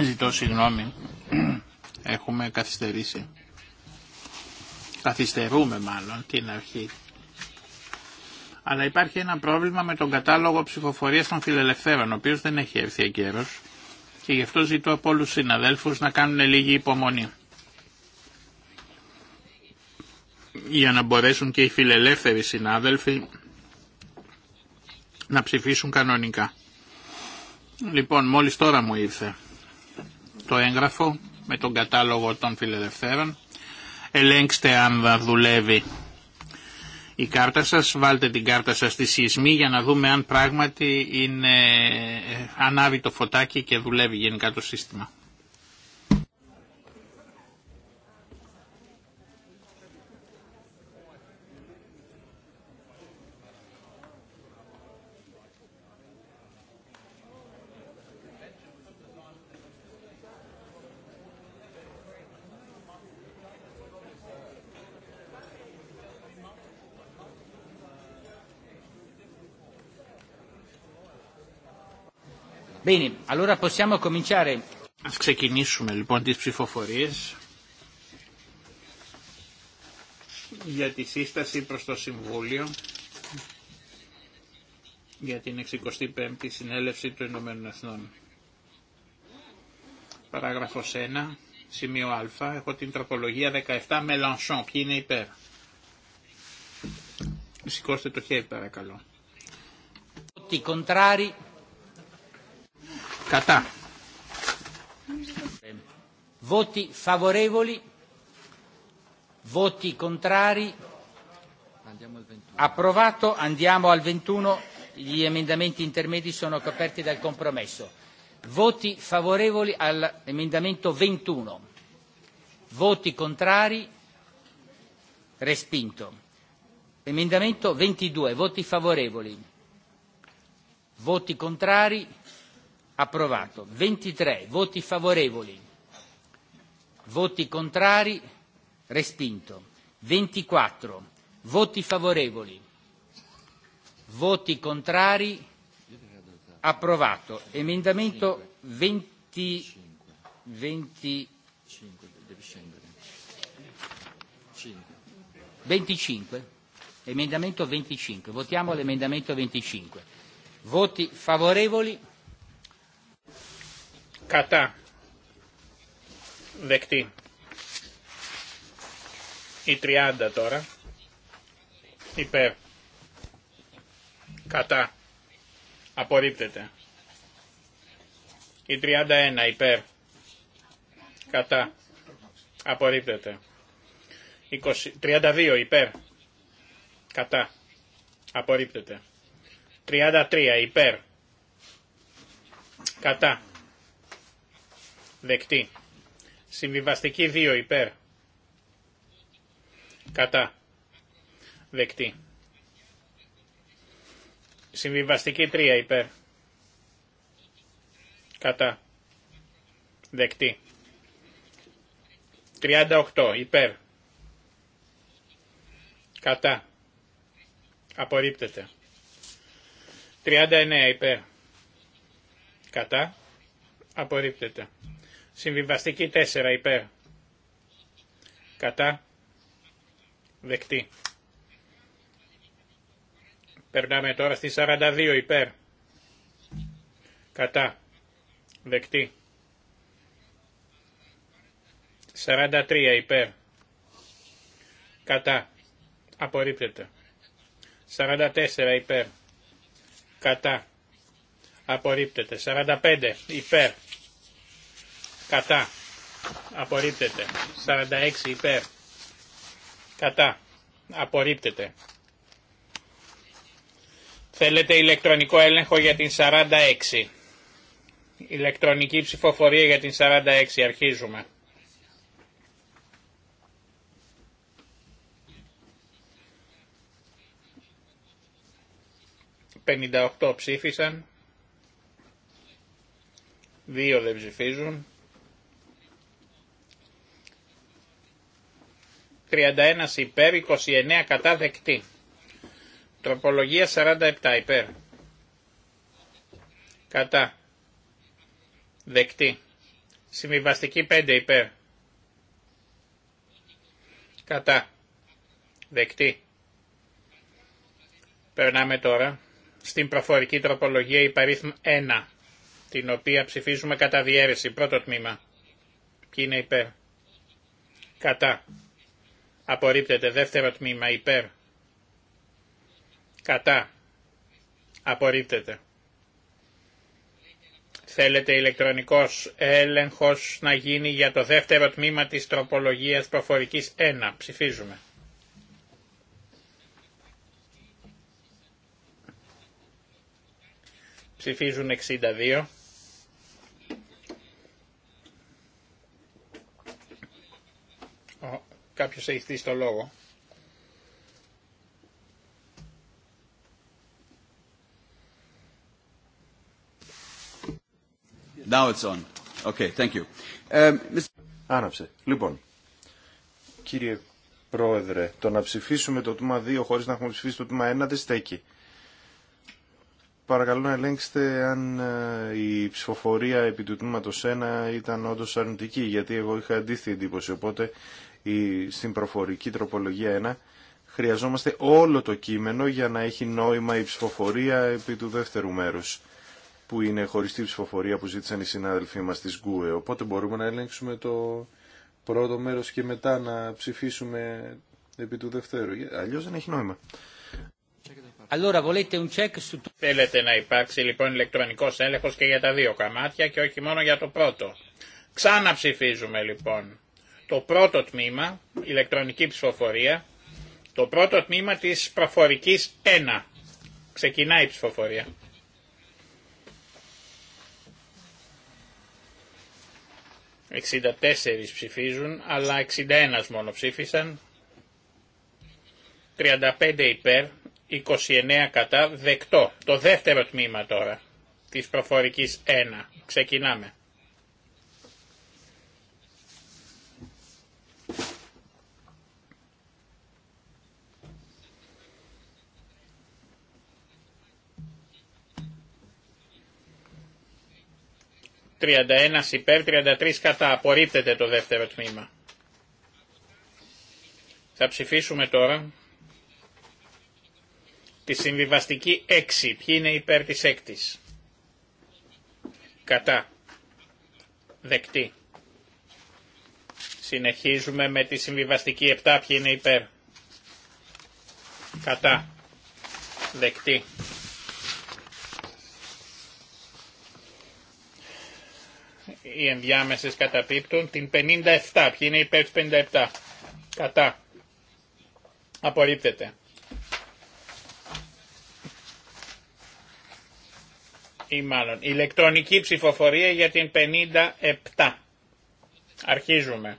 Ζητώ συγγνώμη. Έχουμε καθυστερήσει. Καθυστερούμε μάλλον την αρχή. Αλλά υπάρχει ένα πρόβλημα με τον κατάλογο ψηφοφορίας των φιλελευθέρων, ο οποίος δεν έχει έρθει εγκαίρως. Και γι' αυτό ζητώ από όλους τους συναδέλφους να κάνουν λίγη υπομονή. Για να μπορέσουν και οι φιλελεύθεροι συνάδελφοι να ψηφίσουν κανονικά. Λοιπόν, μόλις τώρα μου ήρθε το έγγραφο με τον κατάλογο των φιλελευθέρων. Ελέγξτε αν δουλεύει η κάρτα σας, βάλτε την κάρτα σας στη σεισμή για να δούμε αν πράγματι είναι, ε, ανάβει το φωτάκι και δουλεύει γενικά το σύστημα. Bene, ξεκινήσουμε λοιπόν τις ψηφοφορίες για τη σύσταση προς το Συμβούλιο για την 65η Συνέλευση του Ηνωμένων Εθνών. Παράγραφος 1, σημείο α, έχω την τροπολογία 17 Μελανσόν. Ποιοι είναι υπέρ. Σηκώστε το χέρι παρακαλώ. Voti favorevoli, voti contrari. Approvato, andiamo al 21, gli emendamenti intermedi sono coperti dal compromesso. Voti favorevoli all'emendamento 21, voti contrari, respinto. Emendamento 22, voti favorevoli, voti contrari approvato 23 voti favorevoli voti contrari respinto 24 voti favorevoli voti contrari approvato emendamento 20 25 25 emendamento 25 votiamo l'emendamento 25 voti favorevoli Κατά. Δεκτή. Η 30 τώρα. Υπέρ. Κατά. Απορρίπτεται. Η 31 υπέρ. Κατά. Απορρίπτεται. 20, 32 υπέρ. Κατά. Απορρίπτεται. 33 υπέρ. Κατά. Δεκτή. Συμβιβαστική 2 υπέρ. Κατά. Δεκτή. Συμβιβαστική 3 υπέρ. Κατά. Δεκτή. 38 υπέρ. Κατά. Απορρίπτεται. 39 υπέρ. Κατά. Απορρίπτεται. Συμβιβαστική 4 υπέρ. Κατά. Δεκτή. Περνάμε τώρα στη 42 υπέρ. Κατά. Δεκτή. 43 υπέρ. Κατά. Απορρίπτεται. 44 υπέρ. Κατά. Απορρίπτεται. 45 υπέρ κατά, απορρίπτεται. 46 υπέρ, κατά, απορρίπτεται. Θέλετε ηλεκτρονικό έλεγχο για την 46. Ηλεκτρονική ψηφοφορία για την 46. Αρχίζουμε. «58 ψήφισαν, Δύο δεν ψηφίζουν, 31 υπέρ, 29 κατά δεκτή. Τροπολογία 47 υπέρ. Κατά. Δεκτή. Συμβιβαστική 5 υπέρ. Κατά. Δεκτή. Περνάμε τώρα στην προφορική τροπολογία υπαρίθμ 1, την οποία ψηφίζουμε κατά διαίρεση, πρώτο τμήμα. Ποιοι είναι υπέρ. Κατά. Απορρίπτεται δεύτερο τμήμα υπέρ. Κατά. Απορρίπτεται. Θέλετε ηλεκτρονικός έλεγχος να γίνει για το δεύτερο τμήμα της τροπολογίας προφορικής 1. Ψηφίζουμε. Ψηφίζουν 62. Κάποιος έχει χτίσει το λόγο. Now it's on. Okay, thank you. Mr. Um, Άναψε. Λοιπόν, κύριε Πρόεδρε, το να ψηφίσουμε το τμήμα 2 χωρίς να έχουμε ψηφίσει το τμήμα 1 δεν στέκει. Παρακαλώ να ελέγξετε αν ε, η ψηφοφορία επί του τμήματος 1 ήταν όντως αρνητική, γιατί εγώ είχα αντίθετη εντύπωση, οπότε ή στην προφορική τροπολογία 1, χρειαζόμαστε όλο το κείμενο για να έχει νόημα η ψηφοφορία επί του δεύτερου μέρους που είναι χωριστή ψηφοφορία που ζήτησαν οι συνάδελφοί μας της ΓΚΟΕ. Οπότε μπορούμε να ελέγξουμε το πρώτο μέρος και μετά να ψηφίσουμε επί του δεύτερου. Αλλιώς δεν έχει νόημα. Θέλετε να υπάρξει λοιπόν ηλεκτρονικός έλεγχος και για τα δύο καμάτια και όχι μόνο για το πρώτο. Ξαναψηφίζουμε λοιπόν το πρώτο τμήμα, ηλεκτρονική ψηφοφορία, το πρώτο τμήμα της προφορικής 1. Ξεκινάει η ψηφοφορία. ...64 ψηφίζουν, αλλά 61 μόνο ψήφισαν. 35 υπέρ, 29 κατά, δεκτό. Το δεύτερο τμήμα τώρα, της προφορικής 1. Ξεκινάμε. 31 υπέρ, 33 κατά. Απορρίπτεται το δεύτερο τμήμα. Θα ψηφίσουμε τώρα τη συμβιβαστική 6. Ποιοι είναι υπέρ της 6ης. Κατά. Δεκτή. Συνεχίζουμε με τη συμβιβαστική 7. Ποιοι είναι υπέρ. Κατά. Δεκτή. οι ενδιάμεσε καταπίπτουν. Την 57. Ποιοι είναι υπέρ 57. Κατά. Απορρίπτεται. Ή μάλλον ηλεκτρονική ψηφοφορία για την 57. Αρχίζουμε.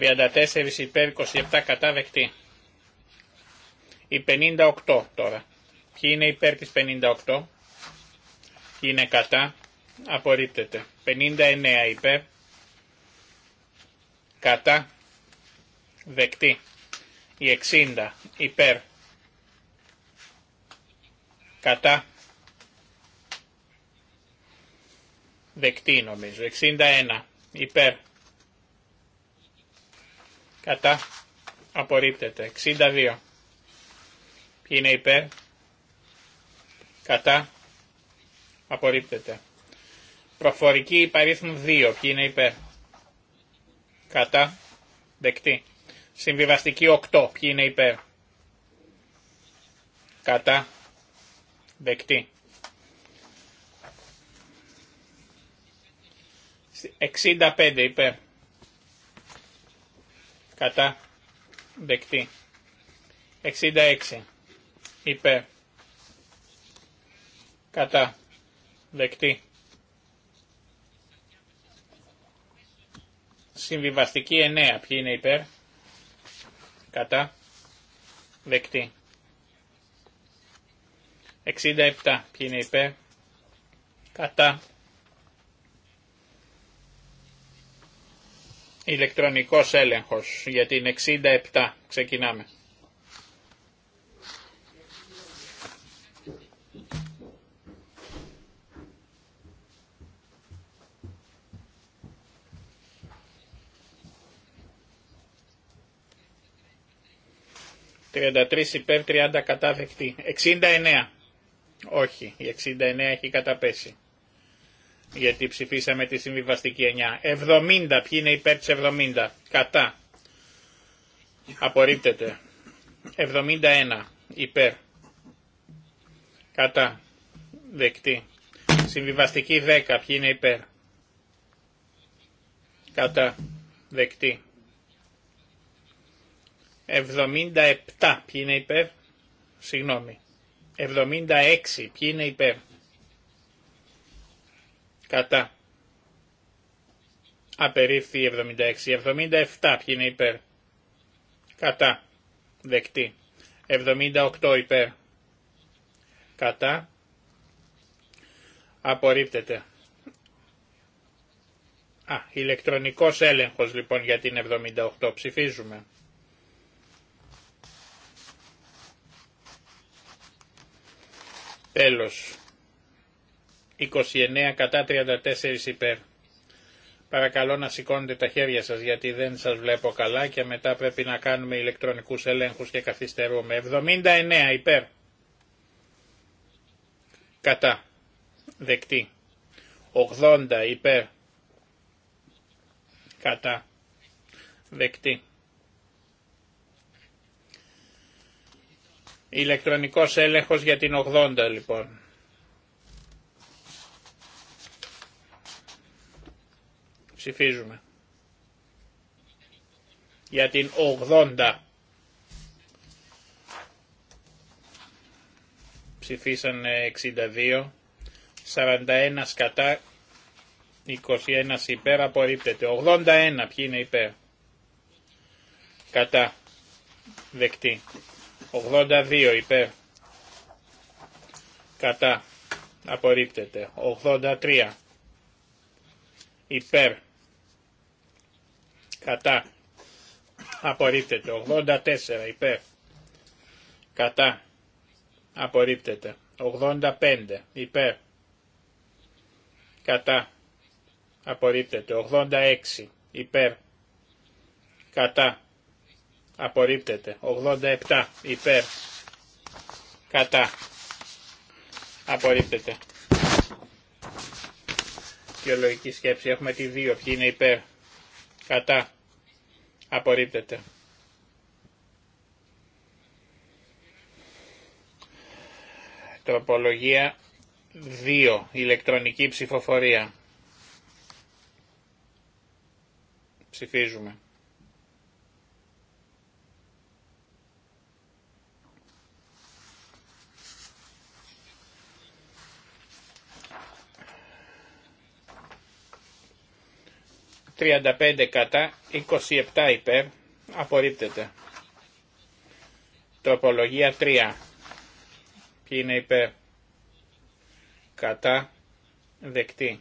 34 υπέρ 27 κατά δεκτή. Η 58 τώρα. Ποιοι είναι υπέρ της 58. είναι κατά. Απορρίπτεται. 59 υπέρ. Κατά. Δεκτή. Η 60 υπέρ. Κατά. Δεκτή νομίζω. 61 υπέρ κατά απορρίπτεται. 62 είναι υπέρ κατά απορρίπτεται. Προφορική υπαρίθμου 2 ποιοι είναι υπέρ κατά δεκτή. Συμβιβαστική 8 ποιοι είναι υπέρ κατά δεκτή. 65 υπέρ κατά δεκτή 66 υπέρ κατά δεκτή συμβιβαστική 9 ποιοι είναι υπέρ κατά δεκτή 67 ποιοι είναι υπέρ κατά Ηλεκτρονικός έλεγχος για την 67. Ξεκινάμε. «33 υπέρ 30 κατάθεκτη. 69. Όχι, η 69 έχει καταπέσει γιατί ψηφίσαμε τη συμβιβαστική 9. 70, ποιοι είναι υπέρ της 70, κατά. Απορρίπτεται. 71, υπέρ. Κατά. Δεκτή. Συμβιβαστική 10, ποιοι είναι υπέρ. Κατά. Δεκτή. 77, ποιοι είναι υπέρ. Συγγνώμη. 76, ποιοι είναι υπέρ Κατά. Απερίφθη 76. 77 ποιοι είναι υπέρ. Κατά. Δεκτή. 78 υπέρ. Κατά. Απορρίπτεται. Α, ηλεκτρονικός έλεγχος λοιπόν για την 78. Ψηφίζουμε. Τέλος. 29 κατά 34 υπέρ. Παρακαλώ να σηκώνετε τα χέρια σας γιατί δεν σας βλέπω καλά και μετά πρέπει να κάνουμε ηλεκτρονικούς ελέγχους και καθυστερούμε. 79 υπέρ. Κατά. Δεκτή. 80 υπέρ. Κατά. Δεκτή. Ηλεκτρονικός έλεγχος για την 80 λοιπόν. Ψηφίζουμε. Για την 80. Ψηφίσαν 62. 41 κατά. 21 υπέρ. Απορρίπτεται. 81. Ποιοι είναι υπέρ. Κατά. Δεκτή. 82 υπέρ. Κατά. Απορρίπτεται. 83 υπέρ κατά απορρίπτεται 84 υπέρ κατά απορρίπτεται 85 υπέρ κατά απορρίπτεται 86 υπέρ κατά απορρίπτεται 87 υπέρ κατά απορρίπτεται και σκέψη έχουμε τη 2 ποιοι είναι υπέρ Κατά. Απορρίπτεται. Τροπολογία 2. Ηλεκτρονική ψηφοφορία. Ψηφίζουμε. 35 κατά, 27 υπέρ, απορρίπτεται. Τροπολογία 3. Ποιοι είναι υπέρ. Κατά, δεκτή.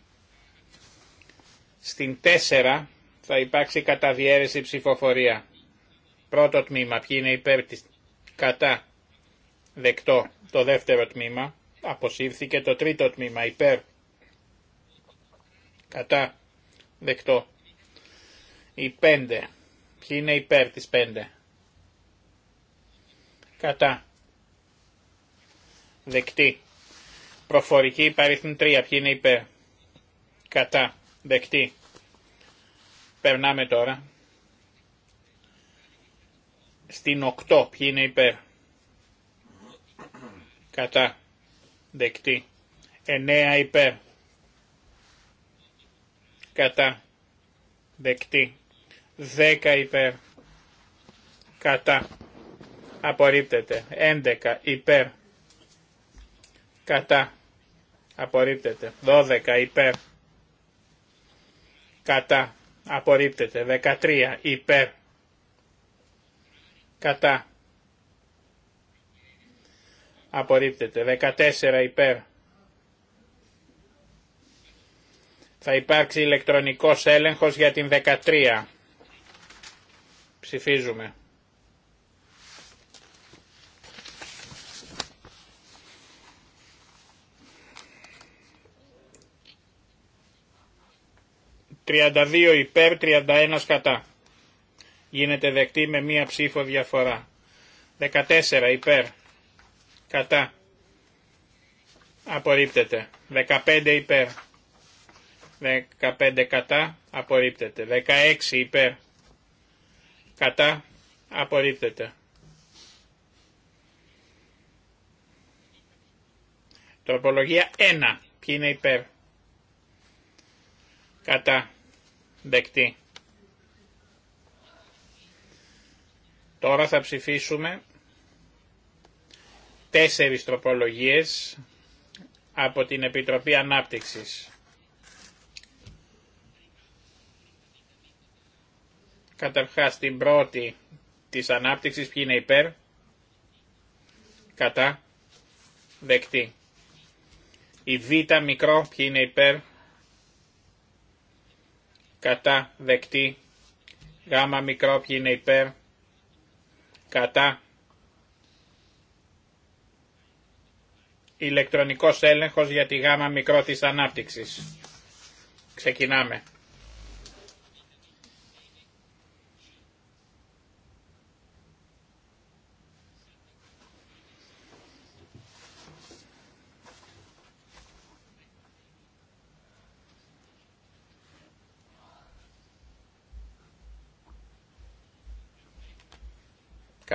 Στην 4 θα υπάρξει καταδιέρεση ψηφοφορία. Πρώτο τμήμα, ποιοι είναι υπέρ της κατά, δεκτό. Το δεύτερο τμήμα, αποσύρθηκε το τρίτο τμήμα, υπέρ, κατά, δεκτό. Η 5. Ποιοι είναι υπέρ της 5. Κατά. Δεκτή. Προφορική υπαρίθμη 3. Ποιοι είναι υπέρ. Κατά. Δεκτή. Περνάμε τώρα. Στην 8. Ποιοι είναι υπέρ. Κατά. Δεκτή. 9 υπέρ. Κατά. Δεκτή. 10 υπέρ. Κατά. Απορρίπτεται. 11 υπέρ. Κατά. Απορρίπτεται. 12 υπέρ. Κατά. Απορρίπτεται. 13 υπέρ. Κατά. Απορρίπτεται. 14 υπέρ. Θα υπάρξει ηλεκτρονικός έλεγχος για την 13. Ψηφίζουμε. «32 υπέρ, 31 κατά». Γίνεται δεκτή με μία ψήφο διαφορά. 14 υπέρ, κατά. Απορρίπτεται. 15 υπέρ. 15 κατά. Απορρίπτεται. 16 υπέρ κατά απορρίπτεται. Τροπολογία 1. Ποιοι είναι υπέρ. Κατά. Δεκτή. Τώρα θα ψηφίσουμε τέσσερις τροπολογίες από την Επιτροπή Ανάπτυξης. Καταρχάς την πρώτη της ανάπτυξης ποιοι είναι υπέρ, κατά, δεκτή. Η β μικρό ποιοι είναι υπέρ, κατά, δεκτή. Γ μικρό ποιοι είναι υπέρ, κατά. Ηλεκτρονικός έλεγχος για τη γάμα μικρό της ανάπτυξης. Ξεκινάμε.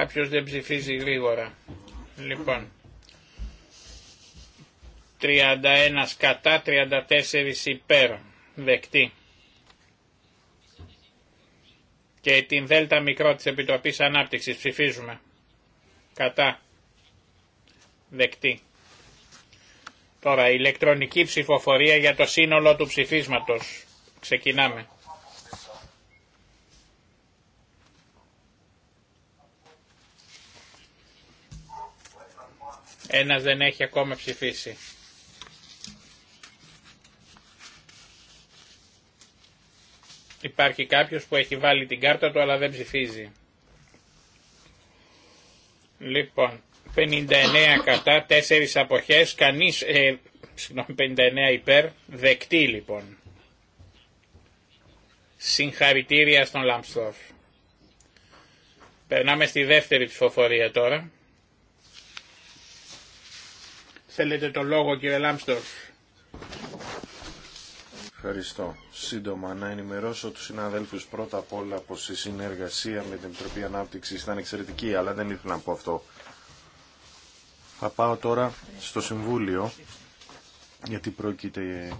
Κάποιος δεν ψηφίζει γρήγορα. Λοιπόν. 31 κατά, 34 υπέρ. Δεκτή. Και την δέλτα μικρό της Επιτροπής Ανάπτυξης ψηφίζουμε. Κατά. Δεκτή. Τώρα ηλεκτρονική ψηφοφορία για το σύνολο του ψηφίσματος. Ξεκινάμε. Ένας δεν έχει ακόμα ψηφίσει. Υπάρχει κάποιος που έχει βάλει την κάρτα του αλλά δεν ψηφίζει. Λοιπόν, 59 κατά, 4 αποχές, κανείς, ε, συγγνώμη, 59 υπέρ, δεκτή λοιπόν. Συγχαρητήρια στον Λαμπστόφ. Περνάμε στη δεύτερη ψηφοφορία τώρα. Θέλετε το λόγο κύριε Λάμστορφ. Ευχαριστώ. Σύντομα να ενημερώσω του συναδέλφους πρώτα απ' όλα πως η συνεργασία με την Επιτροπή ανάπτυξη, ήταν εξαιρετική, αλλά δεν ήθελα να πω αυτό. Θα πάω τώρα στο Συμβούλιο, γιατί πρόκειται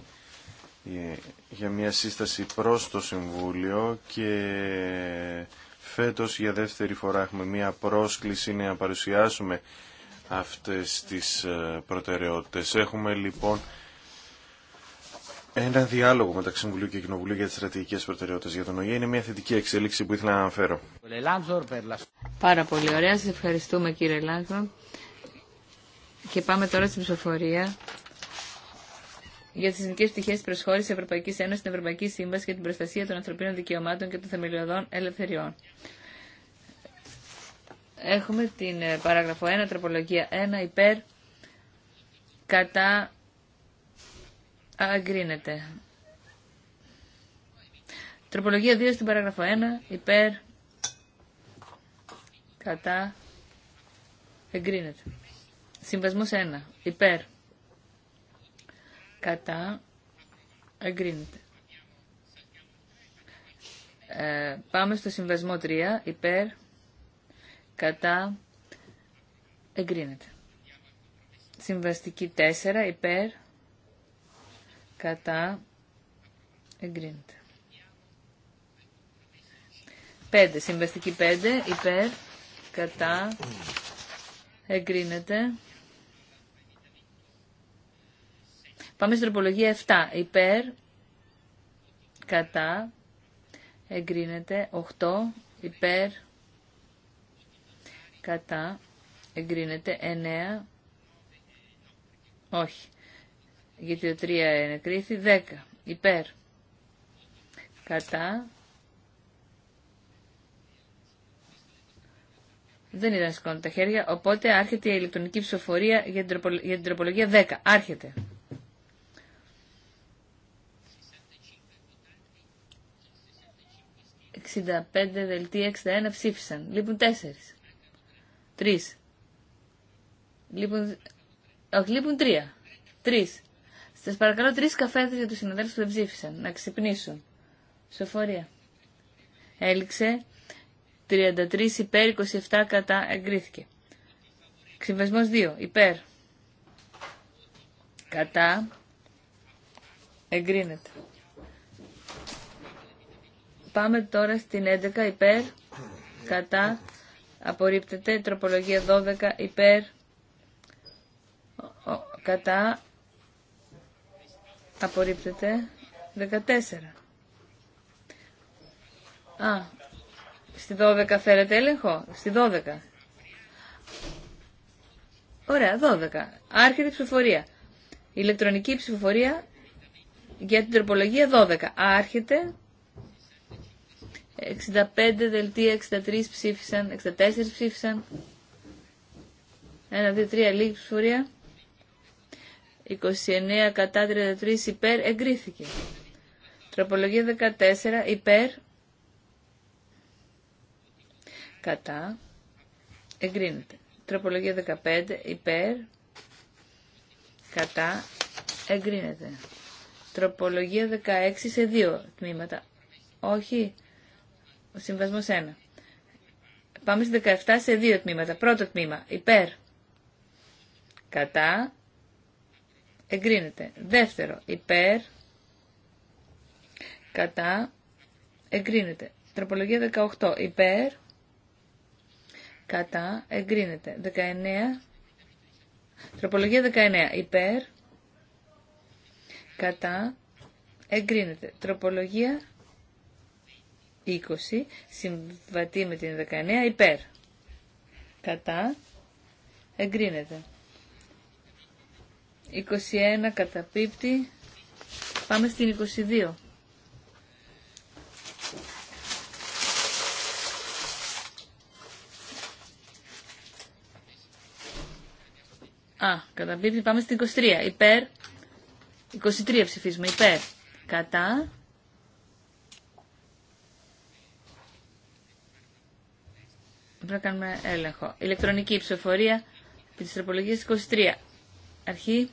για μια σύσταση προς το Συμβούλιο και φέτος για δεύτερη φορά έχουμε μια πρόσκληση να παρουσιάσουμε αυτές τις ε, προτεραιότητες. Έχουμε λοιπόν ένα διάλογο μεταξύ Συμβουλίου και Κοινοβουλίου για τις στρατηγικές προτεραιότητες για τον ΟΗΕ. Είναι μια θετική εξέλιξη που ήθελα να αναφέρω. Πάρα πολύ ωραία. Σας ευχαριστούμε κύριε Λάνθρο. Και πάμε τώρα στην ψηφοφορία για τι ειδικέ πτυχέ τη προσχώρηση Ευρωπαϊκή Ένωση στην Ευρωπαϊκή Σύμβαση για την προστασία των ανθρωπίνων δικαιωμάτων και των θεμελιωδών ελευθεριών. Έχουμε την ε, παράγραφο 1, τροπολογία 1, υπέρ, κατά, αγκρίνεται. Τροπολογία 2 στην παράγραφο 1, υπέρ, κατά, εγκρίνεται. Συμβασμός 1, υπέρ, κατά, εγκρίνεται. Ε, πάμε στο συμβασμό 3, υπέρ, κατά εγκρίνεται. Συμβαστική 4 υπέρ κατά εγκρίνεται. 5. Συμβαστική 5 υπέρ κατά εγκρίνεται. Πάμε στην τροπολογία 7. Υπέρ, κατά, εγκρίνεται. 8. Υπέρ, κατά, εγκρίνεται. 9, όχι, γιατί το 3 ενεκρίθη. 10, υπέρ, κατά, Δεν ήταν σηκώνω τα χέρια, οπότε άρχεται η ηλεκτρονική ψηφοφορία για την τροπολογία 10. Άρχεται. 65 δελτία, 61 ψήφισαν. Λείπουν λοιπόν, 4. Τρεις. Λείπουν... Όχι, λείπουν τρία. Τρεις. Σας παρακαλώ τρεις καφέδες για τους συναδέλφους που δεν ψήφισαν. Να ξυπνήσουν. Σοφορία. Έληξε. 33 υπέρ, 27 κατά εγκρίθηκε. Συμβασμός 2. Υπέρ. Κατά. Εγκρίνεται. Πάμε τώρα στην 11 υπέρ. Κατά απορρίπτεται. Τροπολογία 12 υπέρ κατά απορρίπτεται. 14. Α, στη 12 θέλετε έλεγχο. Στη 12. Ωραία, 12. Άρχεται η ψηφοφορία. ηλεκτρονική ψηφοφορία για την τροπολογία 12. Άρχεται. 65 δελτία, 63 ψήφισαν, 64 ψήφισαν. 1, 2, 3, λίγη ψηφορία. 29 κατά 33 υπέρ εγκρίθηκε. Τροπολογία 14 υπέρ κατά εγκρίνεται. Τροπολογία 15 υπέρ κατά εγκρίνεται. Τροπολογία 16 σε δύο τμήματα. Όχι, ο συμβασμό 1. Πάμε στην 17 σε δύο τμήματα. Πρώτο τμήμα. Υπέρ. Κατά. Εγκρίνεται. Δεύτερο. Υπέρ. Κατά. Εγκρίνεται. Τροπολογία 18. Υπέρ. Κατά. Εγκρίνεται. 19. Τροπολογία 19. Υπέρ. Κατά. Εγκρίνεται. Τροπολογία 20 συμβατή με την 19 υπέρ. Κατά εγκρίνεται. 21 καταπίπτει. Πάμε στην 22. Α, καταπίπτει. Πάμε στην 23. Υπέρ. 23 ψηφίσμα Υπέρ. Κατά. πρέπει να κάνουμε έλεγχο. Ηλεκτρονική ψηφοφορία επί της τροπολογίας 23. Αρχή.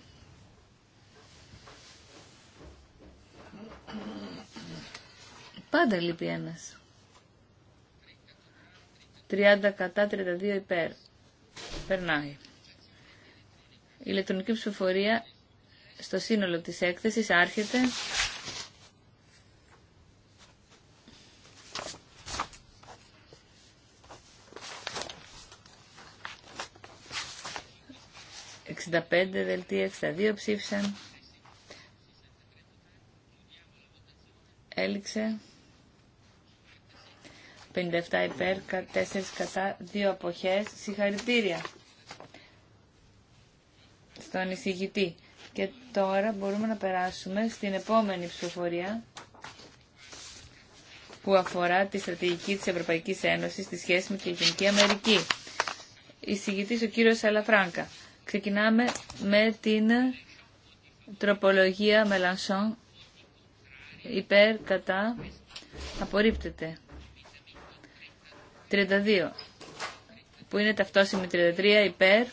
Πάντα λείπει ένας. 30 κατά 32 υπέρ. Περνάει. Ηλεκτρονική ψηφοφορία στο σύνολο της έκθεσης άρχεται. 65 δελτία, 62 ψήφισαν. Έληξε. 57 υπέρ, 4 κατά, 2 αποχές. Συγχαρητήρια στον εισηγητή. Και τώρα μπορούμε να περάσουμε στην επόμενη ψηφοφορία που αφορά τη στρατηγική της Ευρωπαϊκής Ένωσης στη σχέση με την Γενική Αμερική. Εισηγητής ο κύριος Αλαφράνκα. Ξεκινάμε με την τροπολογία Μελανσόν υπέρ, κατά, απορρίπτεται. 32, που είναι ταυτόσημη 33, υπέρ,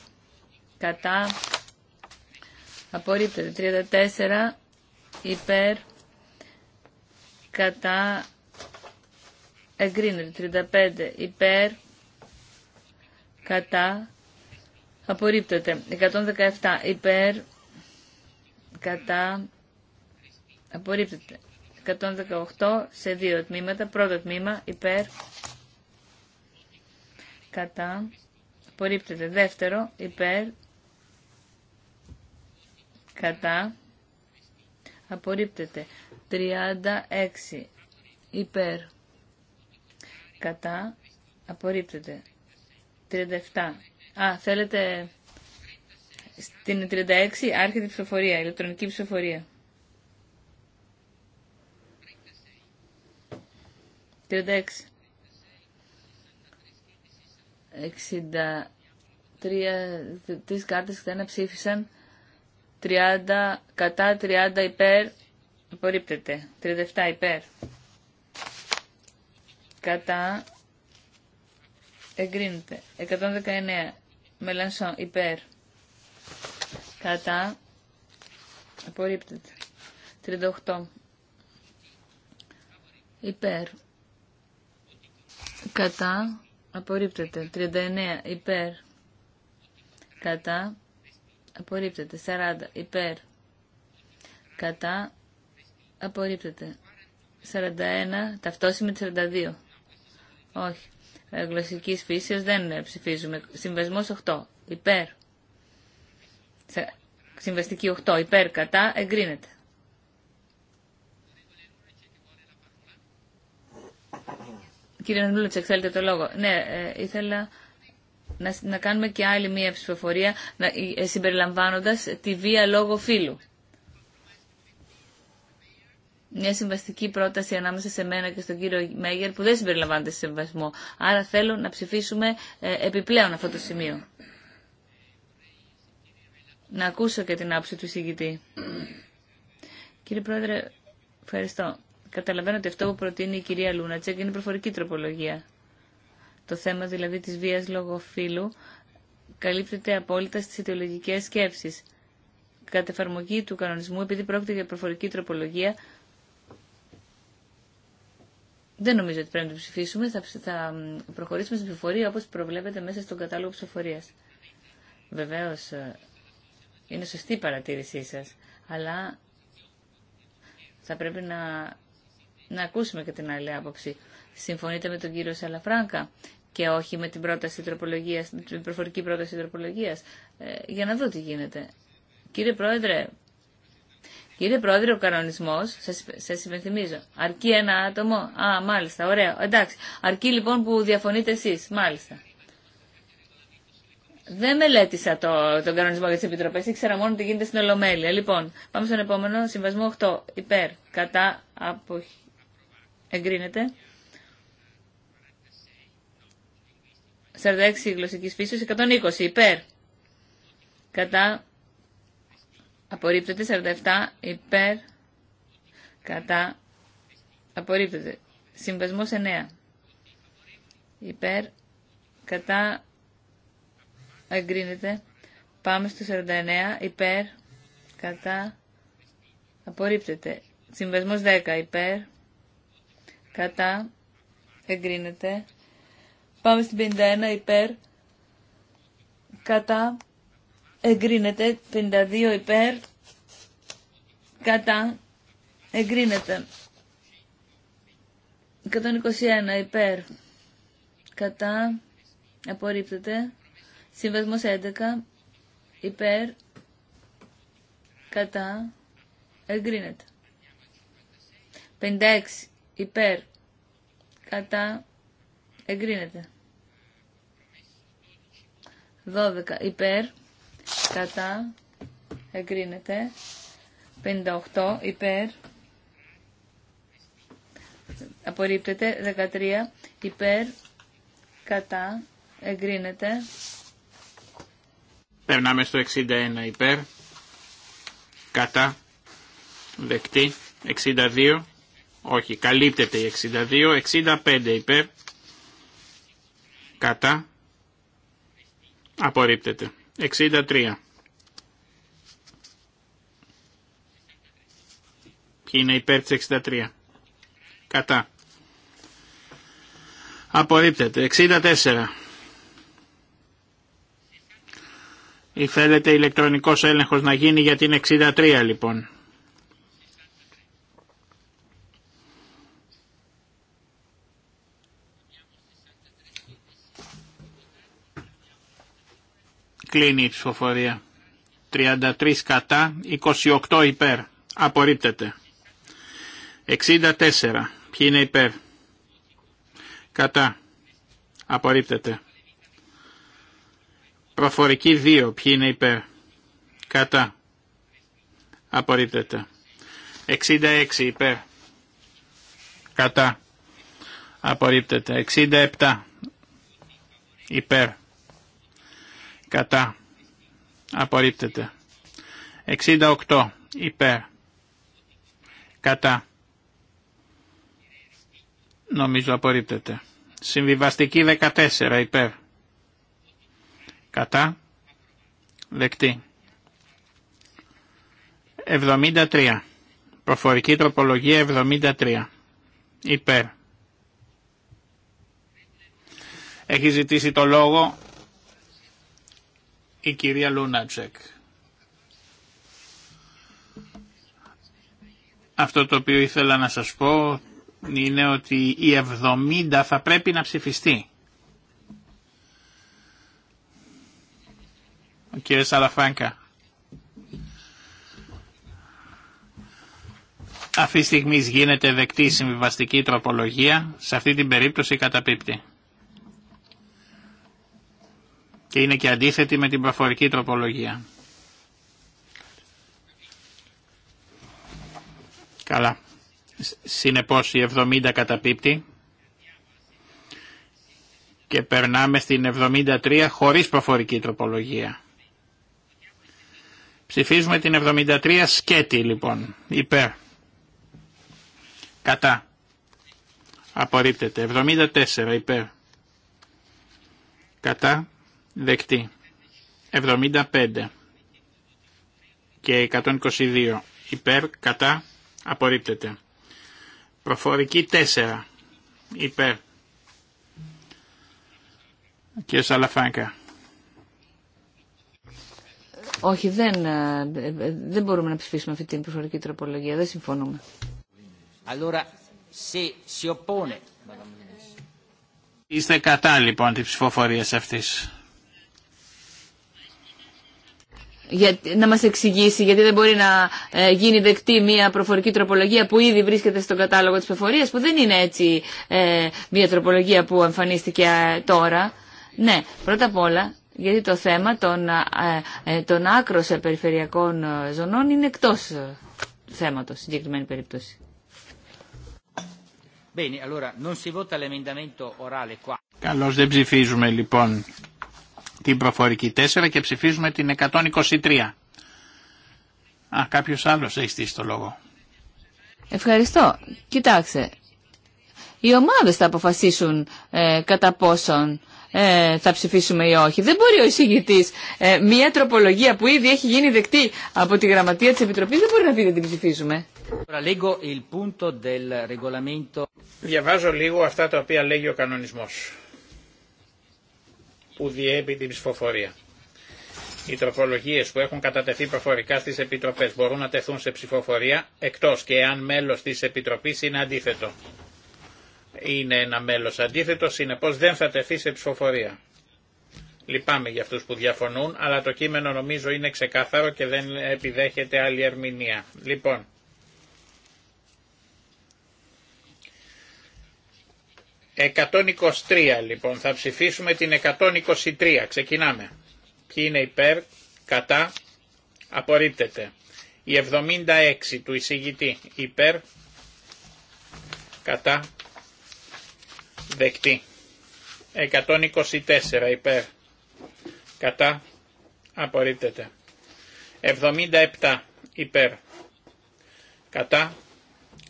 κατά, απορρίπτεται. 34, υπέρ, κατά, εγκρίνεται. 35, υπέρ, κατά, Απορρίπτεται. 117 υπέρ. Κατά. Απορρίπτεται. 118 σε δύο τμήματα. Πρώτο τμήμα υπέρ. Κατά. Απορρίπτεται. Δεύτερο υπέρ. Κατά. Απορρίπτεται. 36 υπέρ. Κατά. Απορρίπτεται. 37 Α, θέλετε στην 36 άρχεται η ψηφοφορία, ηλεκτρονική ψηφοφορία. 36. 63 τις κάρτες δεν ψήφισαν 30 κατά 30 υπέρ απορρίπτεται 37 υπέρ κατά εγκρίνεται 119 Μελανσόν υπέρ. Κατά. Απορρίπτεται. 38. Υπέρ. Κατά. Απορρίπτεται. 39. Υπέρ. Κατά. Απορρίπτεται. 40. Υπέρ. Κατά. Απορρίπτεται. 41. Ταυτόσημη 42. Όχι. Ε, Γλωσσική φύσεως δεν ε, ψηφίζουμε. Συμβασμός 8. Υπέρ. Συμβαστική 8. Υπέρ κατά εγκρίνεται. Κύριε Νανούλητσα, θέλετε το λόγο. Ναι, ε, ήθελα να, κάνουμε και άλλη μία ψηφοφορία συμπεριλαμβάνοντας τη βία λόγω φύλου μια συμβαστική πρόταση ανάμεσα σε μένα και στον κύριο Μέγερ που δεν συμπεριλαμβάνεται σε συμβασμό. Άρα θέλω να ψηφίσουμε ε, επιπλέον αυτό το σημείο. Να ακούσω και την άποψη του εισηγητή. Κύριε Πρόεδρε, ευχαριστώ. Καταλαβαίνω ότι αυτό που προτείνει η κυρία Λούνατσεκ είναι προφορική τροπολογία. Το θέμα δηλαδή της βίας λόγω φύλου καλύπτεται απόλυτα στις ιδεολογικές σκέψεις. Κατ' του κανονισμού, επειδή πρόκειται για προφορική τροπολογία, δεν νομίζω ότι πρέπει να το ψηφίσουμε. Θα, θα προχωρήσουμε στην ψηφοφορία όπως προβλέπεται μέσα στον κατάλογο ψηφοφορία. Βεβαίω, ε, είναι σωστή η παρατήρησή σα, αλλά θα πρέπει να, να ακούσουμε και την άλλη άποψη. Συμφωνείτε με τον κύριο Σαλαφράγκα και όχι με την, πρόταση την προφορική πρόταση τροπολογία, ε, για να δω τι γίνεται. Κύριε Πρόεδρε, Κύριε Πρόεδρε, ο κανονισμό, σα υπενθυμίζω, αρκεί ένα άτομο. Α, μάλιστα, ωραία, εντάξει. Αρκεί λοιπόν που διαφωνείτε εσεί, μάλιστα. Δεν μελέτησα το, τον κανονισμό για τι επιτροπέ, ήξερα μόνο ότι γίνεται στην Ολομέλεια. Λοιπόν, πάμε στον επόμενο. Συμβασμό 8. Υπέρ. Κατά. Από... Εγκρίνεται. 46 γλωσσική φύση. 120. Υπέρ. Κατά. Απορρίπτεται 47 υπέρ κατά απορρίπτεται. Συμβασμό 9 υπέρ κατά εγκρίνεται. Πάμε στο 49 υπέρ κατά απορρίπτεται. Συμβασμό 10 υπέρ κατά εγκρίνεται. Πάμε στην 51 υπέρ κατά εγκρίνεται 52 υπέρ κατά εγκρίνεται 121 υπέρ κατά απορρίπτεται συμβασμός 11 υπέρ κατά εγκρίνεται 56 υπέρ κατά εγκρίνεται 12 υπέρ κατά εγκρίνεται 58 υπέρ απορρίπτεται 13 υπέρ κατά εγκρίνεται Περνάμε στο 61 υπέρ κατά δεκτή 62 όχι καλύπτεται η 62 65 υπέρ κατά απορρίπτεται 63. Ποιοι είναι υπέρ της 63. Κατά. Απορρίπτεται. 64. Ή θέλετε ηλεκτρονικός έλεγχος να γίνει για την 63 λοιπόν. Κλείνει η ψηφοφορία. 33 κατά, 28 υπέρ. Απορρίπτεται. 64. Ποιοι είναι υπέρ. Κατά. Απορρίπτεται. Προφορική 2. Ποιοι είναι υπέρ. Κατά. Απορρίπτεται. 66 υπέρ. Κατά. Απορρίπτεται. 67 υπέρ κατά απορρίπτεται 68 υπέρ κατά νομίζω απορρίπτεται συμβιβαστική 14 υπέρ κατά δεκτή 73 προφορική τροπολογία 73 υπέρ έχει ζητήσει το λόγο η κυρία Λούνατσεκ. Αυτό το οποίο ήθελα να σας πω είναι ότι η 70 θα πρέπει να ψηφιστεί. Ο κύριε Σαλαφάνκα. Αυτή τη στιγμή γίνεται δεκτή συμβιβαστική τροπολογία, σε αυτή την περίπτωση καταπίπτει είναι και αντίθετη με την προφορική τροπολογία. Καλά. Συνεπώς η 70 καταπίπτει και περνάμε στην 73 χωρίς προφορική τροπολογία. Ψηφίζουμε την 73 σκέτη λοιπόν, υπέρ. Κατά. Απορρίπτεται. 74 υπέρ. Κατά. Δεκτή. 75 και 122 υπέρ, κατά, απορρίπτεται. Προφορική 4 υπέρ. Κύριε Σαλαφάνκα. Όχι, δεν, ε, δεν μπορούμε να ψηφίσουμε αυτή την προφορική τροπολογία. Δεν συμφωνούμε. Allora, si Είστε κατά λοιπόν τη ψηφοφορία αυτής. για, να μας εξηγήσει γιατί δεν μπορεί να ε, γίνει δεκτή μια προφορική τροπολογία που ήδη βρίσκεται στον κατάλογο της προφορίας που δεν είναι έτσι ε, μια τροπολογία που εμφανίστηκε ε, τώρα. Ναι, πρώτα απ' όλα γιατί το θέμα των, ε, των περιφερειακών ζωνών είναι εκτός θέματος συγκεκριμένη περίπτωση. Καλώς δεν ψηφίζουμε λοιπόν την προφορική 4 και ψηφίζουμε την 123. Α, κάποιος άλλος έχει στήσει το λόγο. Ευχαριστώ. Κοιτάξτε, οι ομάδες θα αποφασίσουν ε, κατά πόσον ε, θα ψηφίσουμε ή όχι. Δεν μπορεί ο εισηγητής ε, μια τροπολογία που ήδη έχει γίνει δεκτή από τη γραμματεία της Επιτροπής δεν μπορεί να πει δεν την ψηφίζουμε. Διαβάζω λίγο αυτά τα οποία λέγει ο κανονισμός που διέπει την ψηφοφορία. Οι τροπολογίε που έχουν κατατεθεί προφορικά στι επιτροπέ μπορούν να τεθούν σε ψηφοφορία εκτό και αν μέλο τη επιτροπή είναι αντίθετο. Είναι ένα μέλο αντίθετο, συνεπώ δεν θα τεθεί σε ψηφοφορία. Λυπάμαι για αυτού που διαφωνούν, αλλά το κείμενο νομίζω είναι ξεκάθαρο και δεν επιδέχεται άλλη ερμηνεία. Λοιπόν, 123 λοιπόν, θα ψηφίσουμε την 123, ξεκινάμε. Ποιοι είναι υπέρ, κατά, απορρίπτεται. Η 76 του εισηγητή υπέρ, κατά, δεκτή. 124 υπέρ, κατά, απορρίπτεται. 77 υπέρ, κατά,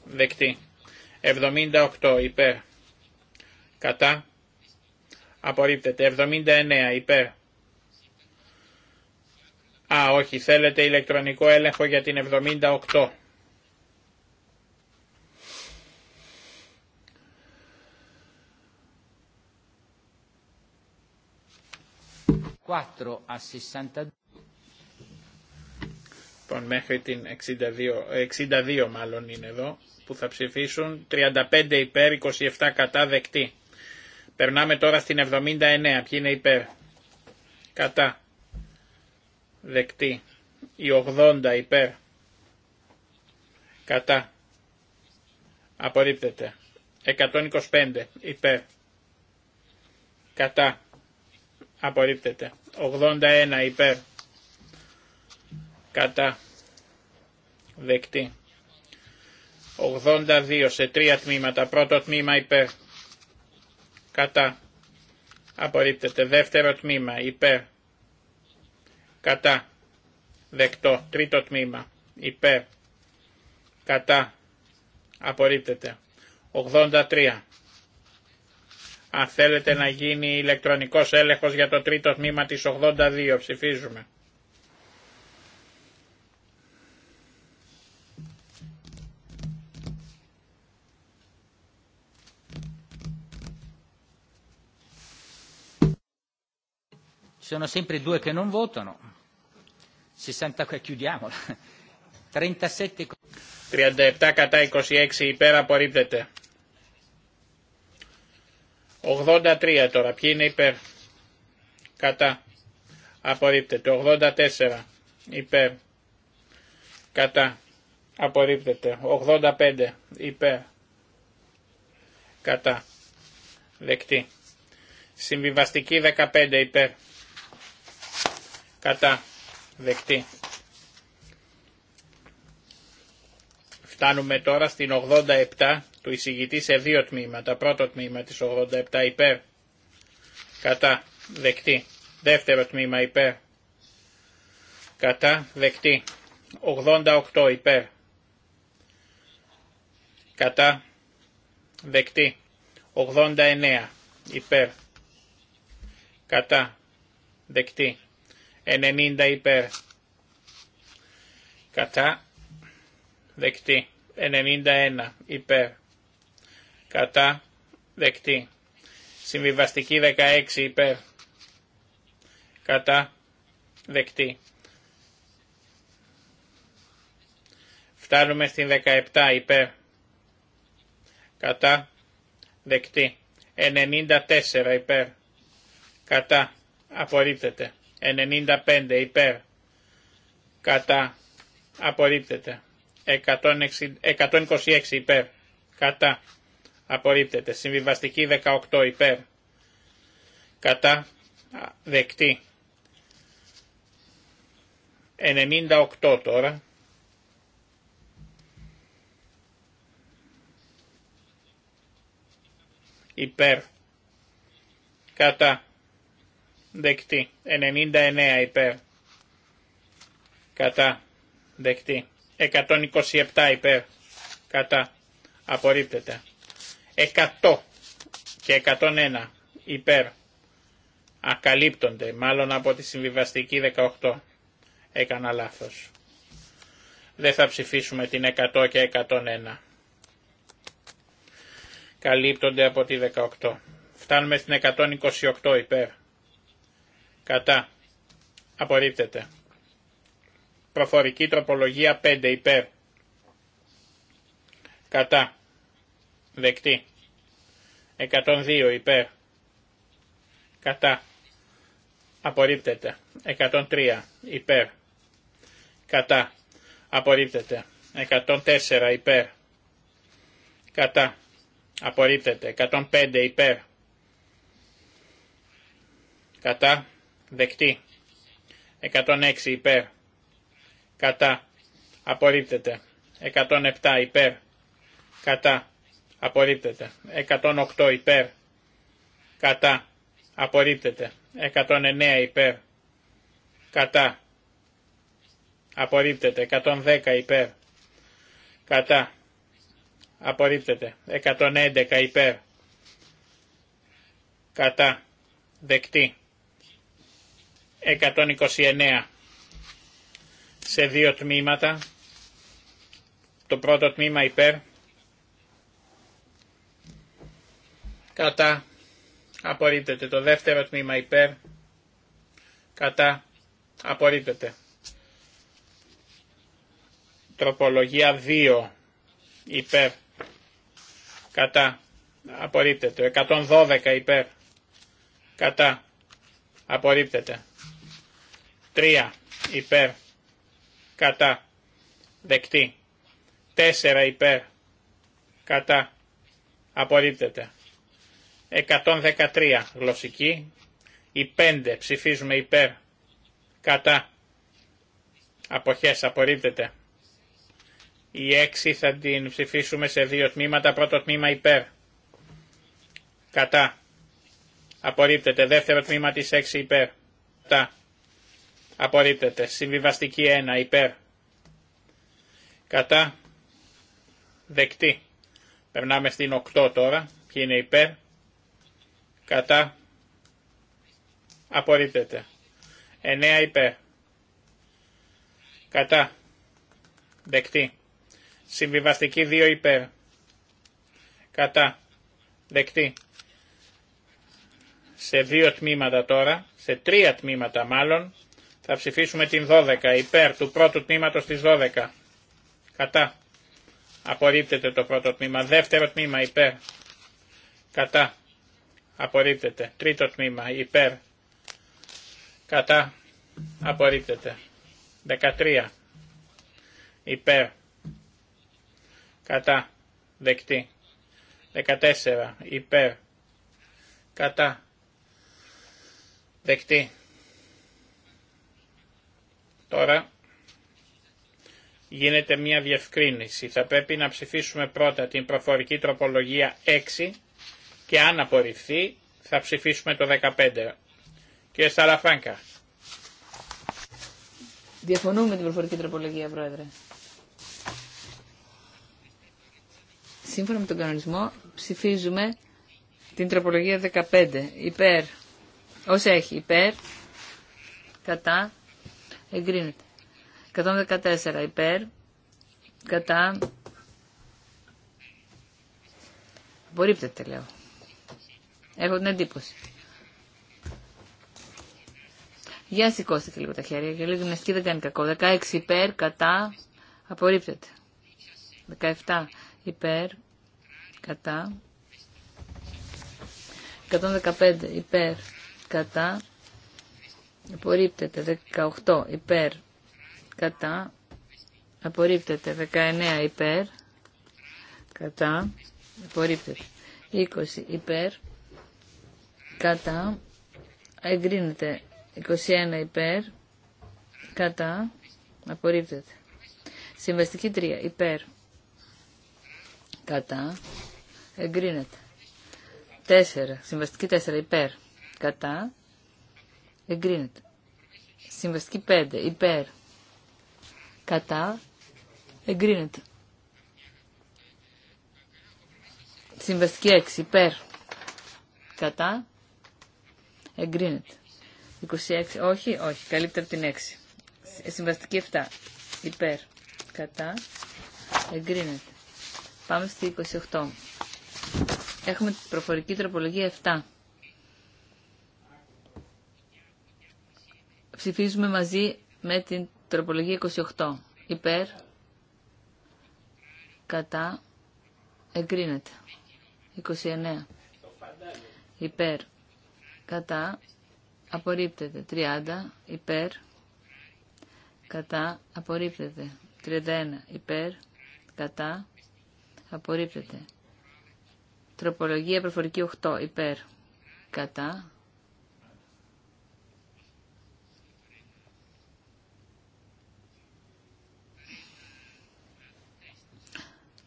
δεκτή. 78 υπέρ, κατά, απορρίπτεται. 79 υπέρ. Α, όχι, θέλετε ηλεκτρονικό έλεγχο για την 78. Λοιπόν, μέχρι την 62, 62 μάλλον είναι εδώ, που θα ψηφίσουν 35 υπέρ, 27 κατά δεκτή. Περνάμε τώρα στην 79. Ποιοι είναι υπέρ. Κατά. Δεκτή. Η 80 υπέρ. Κατά. Απορρίπτεται. 125 υπέρ. Κατά. Απορρίπτεται. 81 υπέρ. Κατά. Δεκτή. 82 σε τρία τμήματα. Πρώτο τμήμα υπέρ κατά, απορρίπτεται. Δεύτερο τμήμα, υπέρ, κατά, δεκτό. Τρίτο τμήμα, υπέρ, κατά, απορρίπτεται. 83. Αν θέλετε να γίνει ηλεκτρονικός έλεγχος για το τρίτο τμήμα της 82, ψηφίζουμε. sono sempre due che non votano. 60 eh, chiudiamola. 37 37 κατά 26 υπέρ απορρίπτεται. 83 τώρα. Ποιοι είναι υπέρ. Κατά. Απορρίπτεται. 84 υπέρ. Κατά. Απορρίπτεται. 85 υπέρ. Κατά. Δεκτή. Συμβιβαστική 15 υπέρ κατά δεκτή. Φτάνουμε τώρα στην 87 του εισηγητή σε δύο τμήματα. Πρώτο τμήμα της 87 υπέρ κατά δεκτή. Δεύτερο τμήμα υπέρ κατά δεκτή. 88 υπέρ κατά δεκτή. 89 υπέρ κατά δεκτή. 90 υπέρ. Κατά. Δεκτή. 91 υπέρ. Κατά. Δεκτή. Συμβιβαστική 16 υπέρ. Κατά. Δεκτή. Φτάνουμε στην 17 υπέρ. Κατά. Δεκτή. 94 υπέρ. Κατά. Απορρίπτεται. 95 υπέρ κατά απορρίπτεται. 126 υπέρ κατά απορρίπτεται. Συμβιβαστική 18 υπέρ κατά δεκτή. 98 τώρα. Υπέρ. Κατά δεκτή. 99 υπέρ. Κατά. Δεκτή. 127 υπέρ. Κατά. Απορρίπτεται. 100 και 101 υπέρ. Ακαλύπτονται. Μάλλον από τη συμβιβαστική 18. Έκανα λάθος. Δεν θα ψηφίσουμε την 100 και 101. Καλύπτονται από τη 18. Φτάνουμε στην 128 υπέρ κατά, απορρίπτεται. Προφορική τροπολογία 5 υπέρ, κατά, δεκτή. 102 υπέρ, κατά, απορρίπτεται. 103 υπέρ, κατά, απορρίπτεται. 104 υπέρ, κατά, απορρίπτεται. 105 υπέρ, κατά, Δεκτή. 106 υπέρ. Κατά. Απορρίπτεται. 107 υπέρ. Κατά. Απορρίπτεται. 108 υπέρ. Κατά. Απορρίπτεται. 109 υπέρ. Κατά. Απορρίπτεται. 110 υπέρ. Κατά. Απορρίπτεται. 111 υπέρ. Κατά. Δεκτή. 129 σε δύο τμήματα. Το πρώτο τμήμα υπέρ, κατά, απορρίπτεται. Το δεύτερο τμήμα υπέρ, κατά, απορρίπτεται. Τροπολογία 2 υπέρ, κατά, απορρίπτεται. 112 υπέρ, κατά, απορρίπτεται. 3 υπέρ κατά δεκτή. 4 υπέρ κατά απορρίπτεται. 113 γλωσσική. Οι 5 ψηφίζουμε υπέρ κατά αποχές απορρίπτεται. Η 6 θα την ψηφίσουμε σε δύο τμήματα. Πρώτο τμήμα υπέρ. Κατά. Απορρίπτεται. Δεύτερο τμήμα της 6 υπέρ. Κατά. Απορρίπτεται. Συμβιβαστική 1 υπέρ. Κατά. Δεκτή. Περνάμε στην 8 τώρα. Ποιοι είναι υπέρ. Κατά. Απορρίπτεται. 9 υπέρ. Κατά. Δεκτή. Συμβιβαστική 2 υπέρ. Κατά. Δεκτή. Σε δύο τμήματα τώρα, σε τρία τμήματα μάλλον, θα ψηφίσουμε την 12 υπέρ του πρώτου τμήματος της 12. Κατά. Απορρίπτεται το πρώτο τμήμα. Δεύτερο τμήμα υπέρ. Κατά. Απορρίπτεται. Τρίτο τμήμα υπέρ. Κατά. Απορρίπτεται. 13. Υπέρ. Κατά. Δεκτή. 14. Υπέρ. Κατά. Δεκτή. Τώρα γίνεται μια διευκρίνηση. Θα πρέπει να ψηφίσουμε πρώτα την προφορική τροπολογία 6 και αν απορριφθεί θα ψηφίσουμε το 15. Κύριε Σαραφάνκα. Διαφωνούμε την προφορική τροπολογία, Πρόεδρε. Σύμφωνα με τον κανονισμό ψηφίζουμε την τροπολογία 15. Υπέρ. Όσοι, έχει υπέρ, κατά, εγκρίνεται. 114 υπέρ, κατά, απορρίπτεται λέω. Έχω την εντύπωση. Για σηκώστε και λίγο τα χέρια, γιατί η γυμναστική δεν κάνει κακό. 16 υπέρ, κατά, απορρίπτεται. 17 υπέρ, κατά. 115 υπέρ, κατά, Απορρίπτεται 18 υπέρ κατά. Απορρίπτεται 19 υπέρ κατά. Απορρίπτεται 20 υπέρ κατά. Εγκρίνεται 21 υπέρ κατά. Απορρίπτεται. Συμβαστική 3 υπέρ κατά. Εγκρίνεται. 4. Συμβαστική 4 υπέρ. Κατά. Εγκρίνεται. Συμβαστική 5. Υπέρ. Κατά. Εγκρίνεται. Συμβαστική 6. Υπέρ. Κατά. Εγκρίνεται. 26. Όχι, όχι. Καλύπτει από την 6. Συμβαστική 7. Υπέρ. Κατά. Εγκρίνεται. Πάμε στη 28. Έχουμε την προφορική τροπολογία 7. Ψηφίζουμε μαζί με την τροπολογία 28. Υπέρ, κατά, εγκρίνεται. 29. Υπέρ, κατά, απορρίπτεται. 30. Υπέρ, κατά, απορρίπτεται. 31. Υπέρ, κατά, απορρίπτεται. Τροπολογία προφορική 8. Υπέρ, κατά,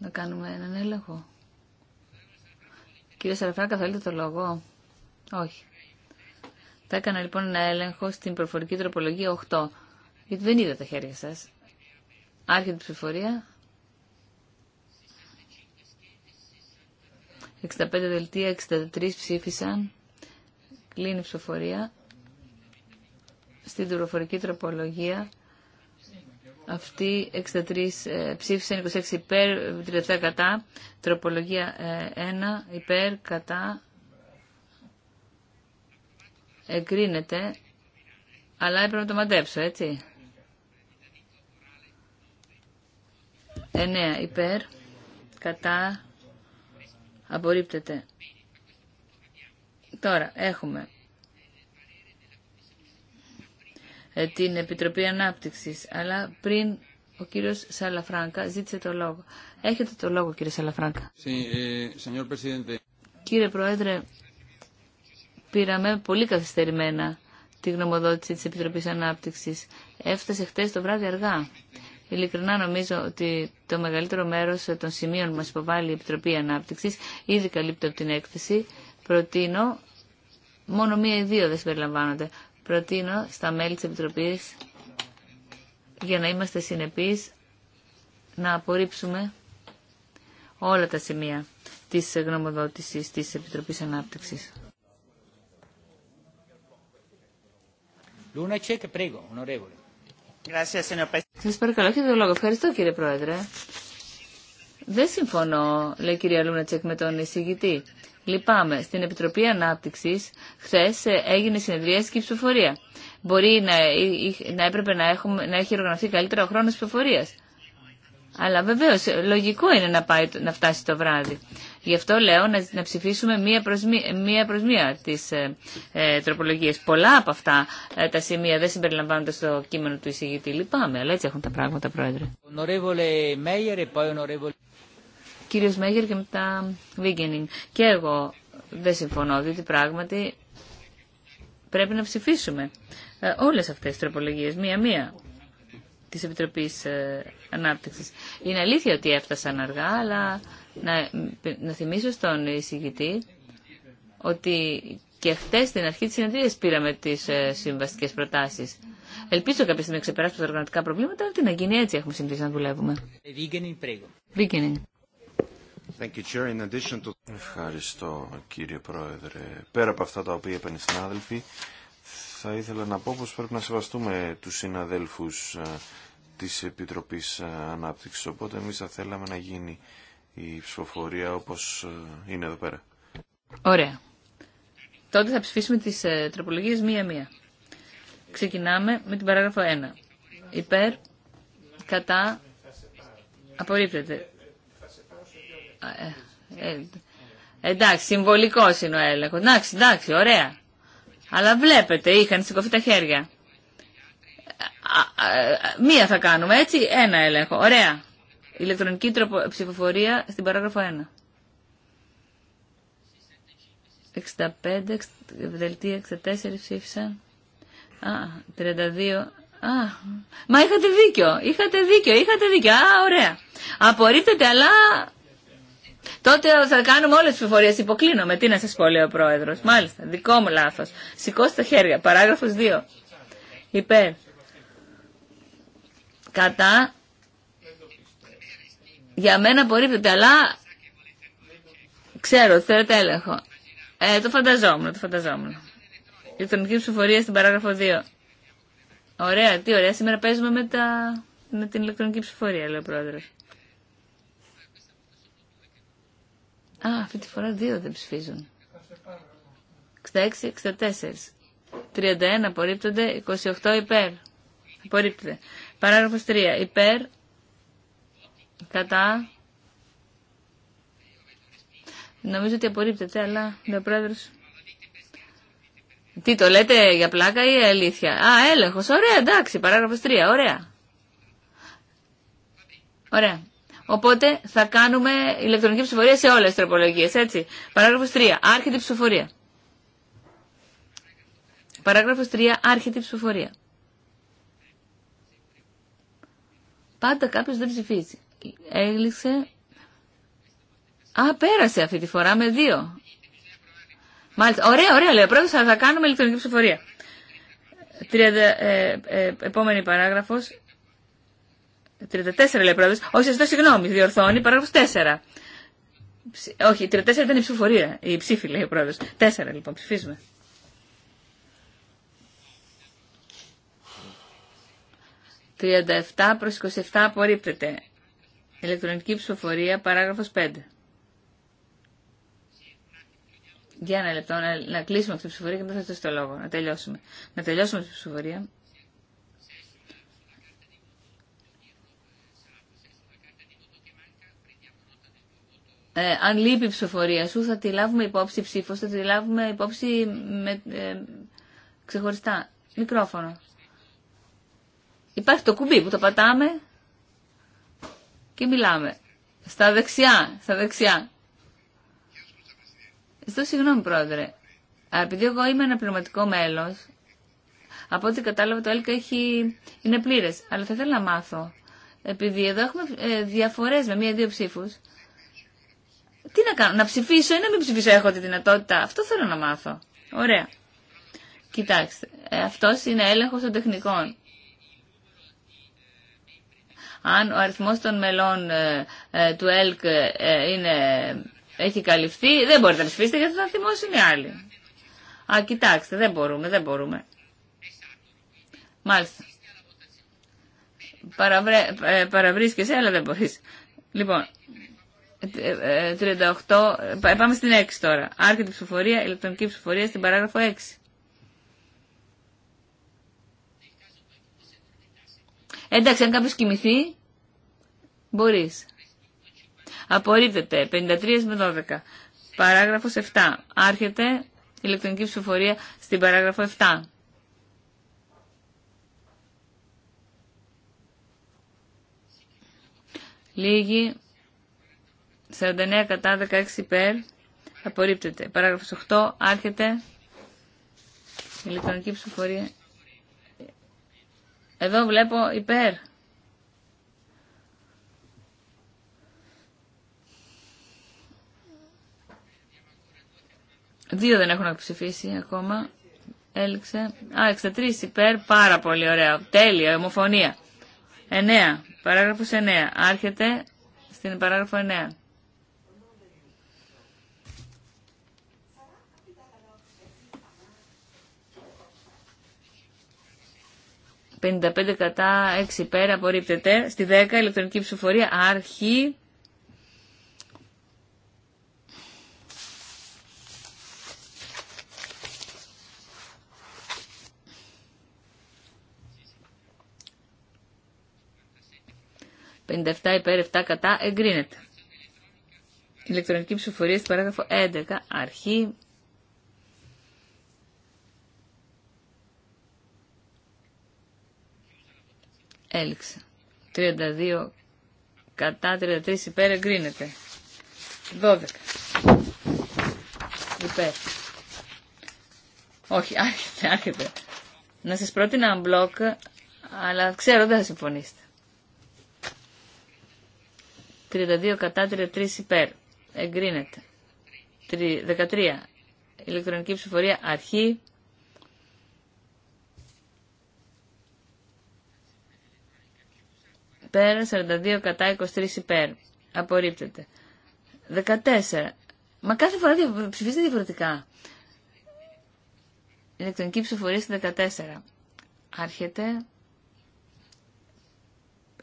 να κάνουμε έναν έλεγχο. Κύριε Σαραφράκα, θέλετε το λόγο. Όχι. Θα έκανα λοιπόν ένα έλεγχο στην προφορική τροπολογία 8, γιατί δεν είδα τα χέρια σας. Άρχεται η ψηφορία. 65 δελτία, 63 ψήφισαν. Κλείνει η ψηφορία. Στην προφορική τροπολογία αυτή, 63 ε, ψήφισαν, 26 υπέρ, 37 κατά. Τροπολογία 1 ε, υπέρ, κατά. Εγκρίνεται. Αλλά έπρεπε να το μαντέψω, έτσι. 9 υπέρ, κατά. Απορρίπτεται. Τώρα έχουμε Ε, την Επιτροπή Ανάπτυξης. Αλλά πριν ο κύριος Σαλαφράγκα ζήτησε το λόγο. Έχετε το λόγο κύριε Σαλαφράγκα. Eh, κύριε Πρόεδρε, πήραμε πολύ καθυστερημένα τη γνωμοδότηση της Επιτροπής Ανάπτυξης. Έφτασε χτες το βράδυ αργά. Ειλικρινά νομίζω ότι το μεγαλύτερο μέρος των σημείων που μας υποβάλλει η Επιτροπή Ανάπτυξης ήδη καλύπτει από την έκθεση. Προτείνω μόνο μία ή δύο δεν συμπεριλαμβάνονται προτείνω στα μέλη της Επιτροπής για να είμαστε συνεπείς να απορρίψουμε όλα τα σημεία της γνωμοδότησης της Επιτροπής Ανάπτυξης. Σας παρακαλώ, έχετε το λόγο. Ευχαριστώ κύριε Πρόεδρε. Δεν συμφωνώ, λέει η κυρία Λούνατσεκ, με τον εισηγητή. Λυπάμαι. Στην Επιτροπή Ανάπτυξη χθε ε, έγινε συνεδρία και ψηφοφορία. Μπορεί να, ε, να έπρεπε να, έχουμε, να έχει οργανωθεί καλύτερα ο χρόνο ψηφοφορία. Αλλά βεβαίω ε, λογικό είναι να, πάει, να φτάσει το βράδυ. Γι' αυτό λέω να, ψηφίσουμε μία προς μία, μία, προς μία τις ε, τροπολογίες. Πολλά από αυτά τα σημεία δεν συμπεριλαμβάνονται στο κείμενο του εισηγητή. Λυπάμαι, αλλά έτσι έχουν τα πράγματα, Πρόεδρε κύριος Μέγερ και μετά Βίγκενιν. Και εγώ δεν συμφωνώ, διότι πράγματι πρέπει να ψηφίσουμε ε, όλες αυτές τις τροπολογίες, μία-μία της Επιτροπής ε, Ανάπτυξης. Είναι αλήθεια ότι έφτασαν αργά, αλλά να, να θυμίσω στον εισηγητή ότι και χτες στην αρχή της συνεδρίας πήραμε τις ε, συμβαστικές προτάσεις. Ελπίζω κάποια στιγμή να ξεπεράσουμε τα οργανωτικά προβλήματα, αλλά τι να γίνει έτσι έχουμε συνηθίσει να δουλεύουμε. Βίγκενιν. Ευχαριστώ κύριε Πρόεδρε. Πέρα από αυτά τα οποία είπαν οι συνάδελφοι, θα ήθελα να πω πως πρέπει να σεβαστούμε τους συναδέλφους ε, της Επιτροπής ε, Ανάπτυξης. Οπότε εμείς θα θέλαμε να γίνει η ψηφοφορία όπως ε, είναι εδώ πέρα. Ωραία. Τότε θα ψηφίσουμε τις τροπολογίες μία-μία. Ξεκινάμε με την παράγραφο 1. Υπέρ, κατά, απορρίπτεται. Ε, ε, ε, εντάξει, συμβολικό είναι ο έλεγχο. Εντάξει, εντάξει, ωραία. Αλλά βλέπετε, είχαν σηκωθεί τα χέρια. Μία θα κάνουμε, έτσι, ένα έλεγχο. Ωραία. Ηλεκτρονική ψηφοφορία στην παράγραφο 1. 65, δελτία 64 ψήφισαν. Α, 32. Α, μα είχατε δίκιο, είχατε δίκιο, είχατε δίκιο. Α, ωραία. Απορρίπτεται, αλλά Τότε θα κάνουμε όλε τι ψηφοφορίε. Υποκλίνομαι. Τι να σα πω, λέει ο πρόεδρο. Μάλιστα, δικό μου λάθο. Σηκώστε τα χέρια. Παράγραφο 2. Υπέρ. Κατά. Για μένα απορρίπτεται, αλλά ξέρω, θέλετε έλεγχο. Ε, το φανταζόμουν, το φανταζόμουν. Ηλεκτρονική ψηφορία στην παράγραφο 2. Ωραία, τι ωραία. Σήμερα παίζουμε με, τα... με την ηλεκτρονική ψηφορία, λέει ο πρόεδρος. Α, αυτή τη φορά δύο δεν ψηφίζουν. 66, 64. 31 απορρίπτονται, 28 υπέρ. Απορρίπτεται. Παράγραφος 3. Υπέρ, κατά. Νομίζω ότι απορρίπτεται, αλλά ο πρόεδρος... Τι το λέτε για πλάκα ή αλήθεια. Α, έλεγχος. Ωραία, εντάξει. Παράγραφος 3. Ωραία. Ωραία. Οπότε θα κάνουμε ηλεκτρονική ψηφοφορία σε όλες τις τροπολογίες, έτσι. Παράγραφος 3. Άρχεται ψηφοφορία. Παράγραφος 3. Άρχεται η ψηφοφορία. Πάντα κάποιος δεν ψηφίζει. Έγλυξε. Α, πέρασε αυτή τη φορά με δύο. Μάλιστα. Ωραία, ωραία, λέει ο πρόεδρος, θα κάνουμε ηλεκτρονική ψηφοφορία. Τρία ε, ε, επόμενη παράγραφος. 34 λέει πρόεδρο. Όχι, δω συγγνώμη, διορθώνει παράγραφο 4. Όχι, 34 ήταν η ψηφοφορία. Η ψήφη λέει ο πρόεδρο. 4 λοιπόν, ψηφίζουμε. «37 προς 27 απορρίπτεται. Ηλεκτρονική ψηφοφορία, παράγραφος 5». Για ένα λεπτό, να, κλείσουμε αυτή τη ψηφοφορία και μετά θα σα το λόγο. Να τελειώσουμε. Να τελειώσουμε τη ψηφοφορία. Ε, αν λείπει η ψηφοφορία σου, θα τη λάβουμε υπόψη ψήφο, θα τη λάβουμε υπόψη με, ε, ξεχωριστά. Μικρόφωνο. Υπάρχει το κουμπί που το πατάμε και μιλάμε. Στα δεξιά, στα δεξιά. Στο συγγνώμη πρόεδρε, επειδή εγώ είμαι ένα πληρωματικό μέλος, από ό,τι κατάλαβα το ΕΛΚΑ έχει... είναι πλήρε. αλλά θα ήθελα να μάθω, επειδή εδώ έχουμε ε, διαφορέ με μία-δύο ψήφου. Τι να κάνω, να ψηφίσω ή να μην ψηφίσω, έχω τη δυνατότητα. Αυτό θέλω να μάθω. Ωραία. Κοιτάξτε, ε, αυτός είναι έλεγχος των τεχνικών. Αν ο αριθμός των μελών ε, ε, του ΕΛΚ είναι, έχει καλυφθεί, δεν μπορείτε να ψηφίσετε γιατί θα θυμώσουν οι άλλοι. Α, κοιτάξτε, δεν μπορούμε, δεν μπορούμε. Μάλιστα. Παραβρέ, παραβρίσκεσαι, αλλά δεν μπορείς. Λοιπόν, 38, ε, ε, ε, πάμε στην 6 τώρα. Άρχεται ψηφοφορία, ηλεκτρονική ψηφοφορία στην παράγραφο 6. Εντάξει, αν κάποιος κοιμηθεί, μπορείς. Απορρίπτεται, 53 με 12. Παράγραφος 7. Άρχεται ηλεκτρονική ψηφοφορία στην παράγραφο 7. Λίγοι... 49 κατά 16 υπέρ. Απορρίπτεται. Παράγραφος 8. Άρχεται. Ηλεκτρονική ψηφοφορία. Εδώ βλέπω υπέρ. Δύο δεν έχουν ψηφίσει ακόμα. Έληξε. Α, 63 υπέρ. Πάρα πολύ ωραία. Τέλεια. Ομοφωνία. 9. Παράγραφος 9. Άρχεται στην παράγραφο 9. 55 κατά, 6 υπέρ, απορρίπτεται. Στη 10 ηλεκτρονική ψηφοφορία, άρχη. «57 υπέρ 7 κατά εγκρίνεται». Ηλεκτρονική ψηφοφορία στην παράγραφο 11 αρχή Έληξε. 32 κατά 33 υπέρ εγκρίνεται. 12 υπέρ. Όχι, άρχεται, άρχεται. Να σας πρότεινα μπλοκ, αλλά ξέρω δεν θα συμφωνήσετε. 32 κατά 33 υπέρ. Εγκρίνεται. 13. Ηλεκτρονική ψηφορία αρχή. Πέρα 42 κατά 23 υπέρ. Απορρίπτεται. 14. Μα κάθε φορά ψηφίζεται διαφορετικά. Ηλεκτρονική ψηφοφορία στη 14. Άρχεται.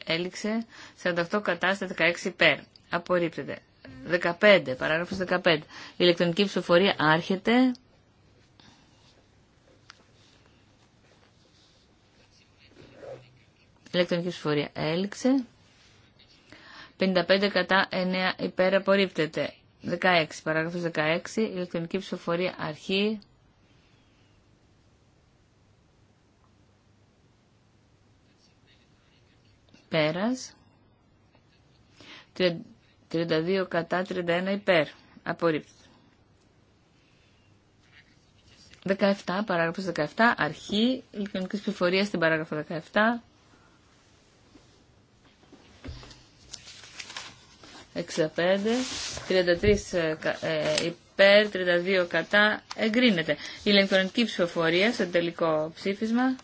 Έληξε. 48 κατά στα 16 υπέρ. Απορρίπτεται. 15. Παράγραφος 15. Ηλεκτρονική ψηφοφορία άρχεται. Ηλεκτρονική ψηφορία έληξε. 55 κατά 9 υπέρ απορρίπτεται. 16, παράγραφος 16, ηλεκτρονική ψηφοφορία αρχή. Πέρας. 32 κατά 31 υπέρ. Απορρίπτεται. 17, παράγραφος 17, αρχή ηλεκτρονικής ψηφοφορίας στην παράγραφο 17. 65, 33 ε, ε, υπέρ, 32 κατά, εγκρίνεται. Η ηλεκτρονική ψηφοφορία στο τελικό ψήφισμα.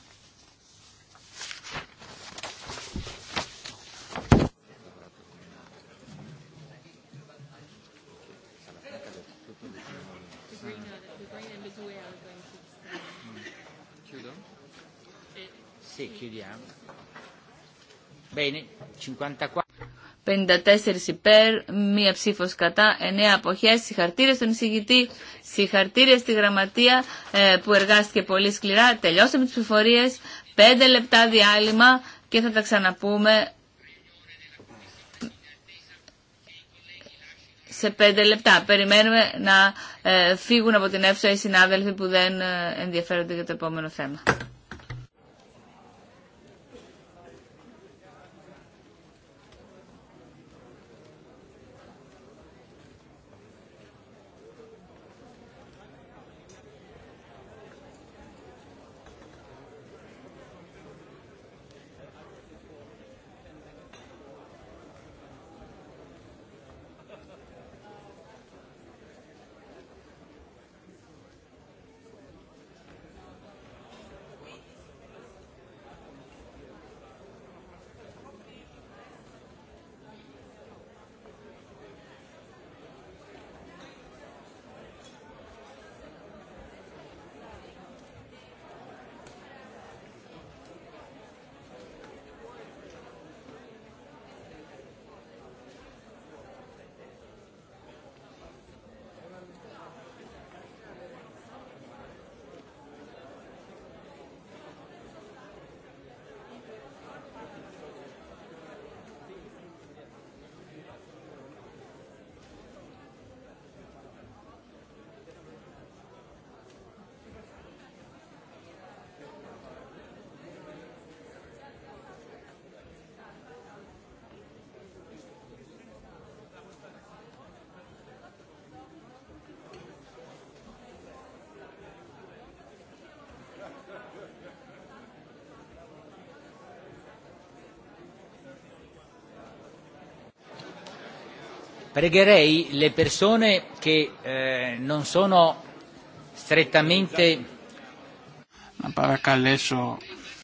Bene, 54. 54 υπέρ, μία ψήφος κατά, 9 αποχές. Συγχαρτήρια στον εισηγητή, συγχαρτήρια στη γραμματεία ε, που εργάστηκε πολύ σκληρά. Τελειώσαμε τις ψηφορίες, 5 λεπτά διάλειμμα και θα τα ξαναπούμε σε 5 λεπτά. Περιμένουμε να ε, φύγουν από την αίθουσα οι συνάδελφοι που δεν ε, ενδιαφέρονται για το επόμενο θέμα. Pregherei le persone che non sono strettamente να